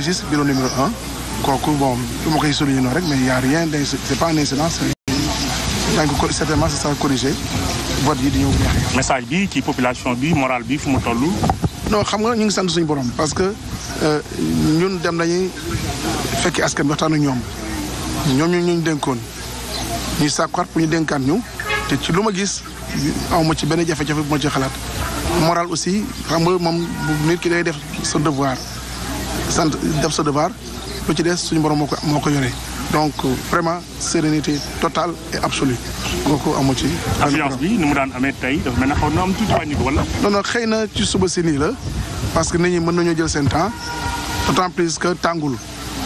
registre bureau numéro un kooku lu ma koy souligner noonu rek mais y' a rien d' c'est pas un incident donc certainement ça sera yi di ñëw message bi ci population bi morale bi fu mu toll. non xam nga ñu ngi sant suñu borom parce que euh, ñun dem nañu fekk askan bi waxtaan ñoom ñoom ñu ñu dénkoon ñu sàkkuwaat pour ñu dénkaat ñu te ci lu ma gis aw ci benn jafe-jafe bu ma ci xalaat moral aussi xam nga moom nit ki day def sa devoir. sant def sa devoir lu ci des suñu borom moo ko moo ko yore donc vraiment sérénité totale et absolue nga ko amu ci. affluence bi ni mu daan amee tey dafa mel ne xaw na am tuuti wàññi ko wala. non xëy na ci suba si nii la parce que nit ñi mën nañoo jël seen temps d'autant plus que tàngul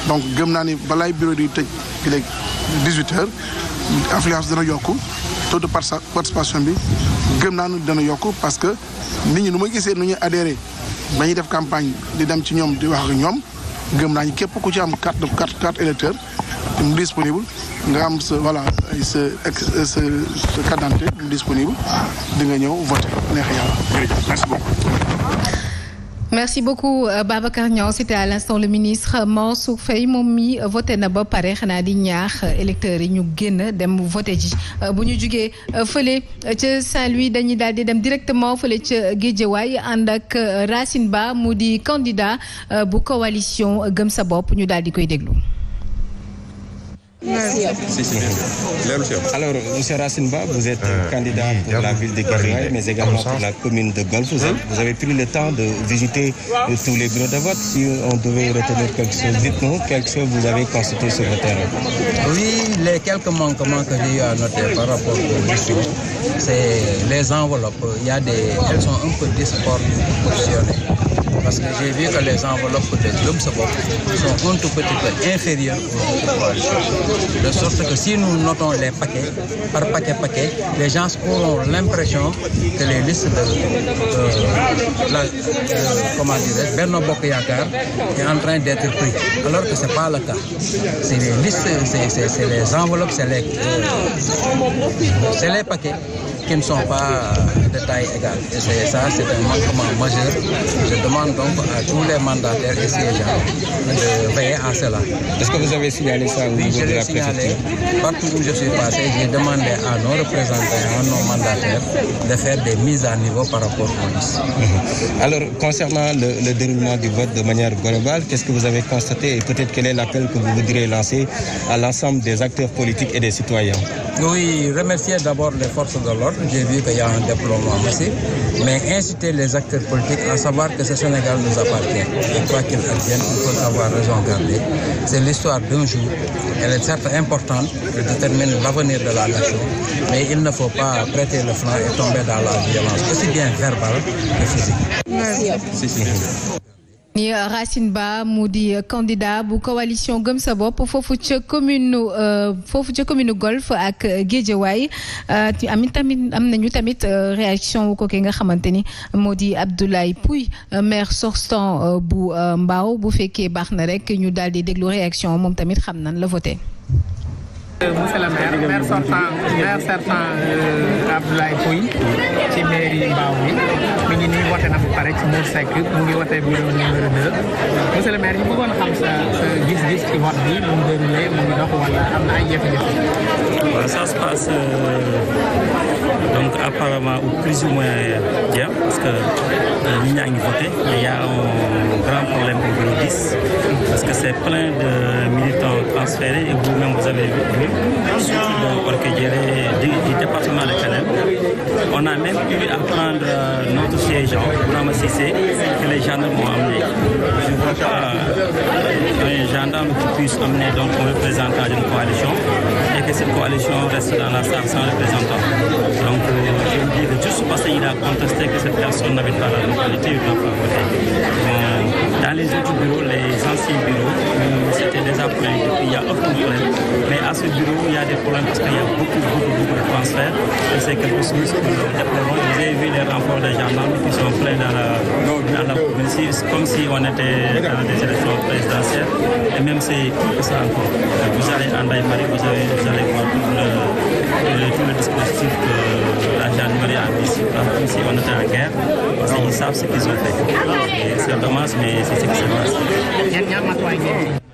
donc gëm naa ni balaay bureau di tëj léegi 18 heures affluence dana yokk taux de participation bi gëm naa ni dana yokk parce que nit ñi nu ma gisee nu ñuy adhéré. ba ñuy def campagne di dem ci ñoom di wax ak ñoom gëm naa ñu képp ku ci am carte de carte carte électeur mu disponible nga am sa voilà sa sa carte d'identité mu disponible di nga ñëw voter neex yàlla. jërëjëf merci merci beaucoup euh, Babacar Niang c'était à l'instant le ministre Mansour Faye moom mi euh, voté na ba pare xanaa di ñaax euh, électeurs yi ñu génn dem voté ci bu ñu jugee fële ca Saint-Louis dañuy daal di dem directement fële ca Guédiawaye ànd ak Racine Ba mu di candidat bu coalition Gëm sa bopp ñu daal di koy déglu. Si, si. Alors, M. Racine Ba, vous êtes euh, candidat pour la ville de Guédiawaye, mais également pour la commune de Golf. Vous, hein? vous, avez pris le temps de visiter tous les bureaux de vote. Si on devait retenir quelque chose, dites-nous quelque chose vous avez constaté sur le terrain. Oui, les quelques manquements que j'ai eu à par rapport aux missions, c'est les enveloppes. Il y a des, elles sont un peu disproportionnées parce que j'ai vu que les enveloppes de Gëm sa bopp sont un tout petit peu De sorte que si nous notons les paquets, par paquet les gens auront l'impression que les listes de, euh, la, euh, comment dirais-je, Benno Bokk Yaakaar en train d'être pris, alors que c'est pas le cas. C'est les enveloppes, euh, c'est les, paquets qui ne sont pas de taille égale. Et ça, c'est un manquement majeur. Je demande donc à tous les mandataires et de veiller ce que vous avez signalé ça au de la préfecture Partout où je suis passé, j'ai demandé à nos représentants, à nos mandataires de faire des mises à niveau par rapport aux polices. Mhm. Alors, concernant le, déroulement du vote de manière globale, qu'est-ce que vous avez constaté et peut-être quel est l'appel que vous voudriez lancer à l'ensemble des acteurs politiques et des citoyens Oui, remercier d'abord les forces de l'ordre. J'ai vu qu'il y a un déploiement massif, mais inciter les acteurs politiques à savoir Sénégal nous appartient. Je crois qu'il advienne, on peut avoir raison gardée. C'est l'histoire d'un jour. Elle est certes importante, elle détermine l'avenir de la nation, mais il ne faut pas prêter le flanc et tomber dans la violence, aussi bien verbale que physique. Euh, Racine Ba mu di euh, candidat bu coalition Gëm sa bopp foofu ca commune euh, foofu ca commune Golf ak Guédiawaye amit tamit am nañu tamit réaction wu ko ki nga xamante ni moo di Abdoulaye Pouy maire sortant bu Mbao bu fekkee baax na rek ñu daal di déglu réaction moom tamit xam nan la voté. Abdoulaye Pouy ci mairie Mbao bi ngi nii woote na ba pare ci Mour Seck mu ngi wootee bureau numéro 2 monsieur le maire ñu bëggoon xam sa gis-gis ci vote bi mu ngi mu ngi dox wala am na ay jafe-jafe. waaw ça se passe euh, donc apparemment ou plus ou moins bien parce que euh, nit ñaa ngi voté mais a un grand problème au bureau parce que c'est plein de militants transférés et vous-même vous avez vu. donc orchestré On a même eu à prendre euh, notre siégeant, Brahma Sissé, que les gendarmes ont Je ne pas euh, un gendarme qui puisse amener donc un représentant d'une coalition et que cette coalition reste dans la salle sans représentant. Euh, je me dis que juste parce qu'il a contesté que cette personne n'habite pas la localité, il doit pas voter. dans les autres bureaux, les anciens bureaux, euh, c'était déjà plein depuis, il n'y a aucun problème. Mais à ce bureau, il y a des problèmes parce qu'il y a beaucoup, beaucoup, beaucoup de transferts. Et c'est quelque chose que nous déplorons. Vous avez vu les renforts des gendarmes qui sont pleins dans la, dans la province, comme si on était dans des élections présidentielles. Et même c'est tout ça encore. Vous allez en Daïmari, vous, vous allez voir tout le, tout le dispositif que euh, ici, ici on était en guerre, ils savent ce qu'ils ont fait. C'est dommage, mais c'est ce qui se passe.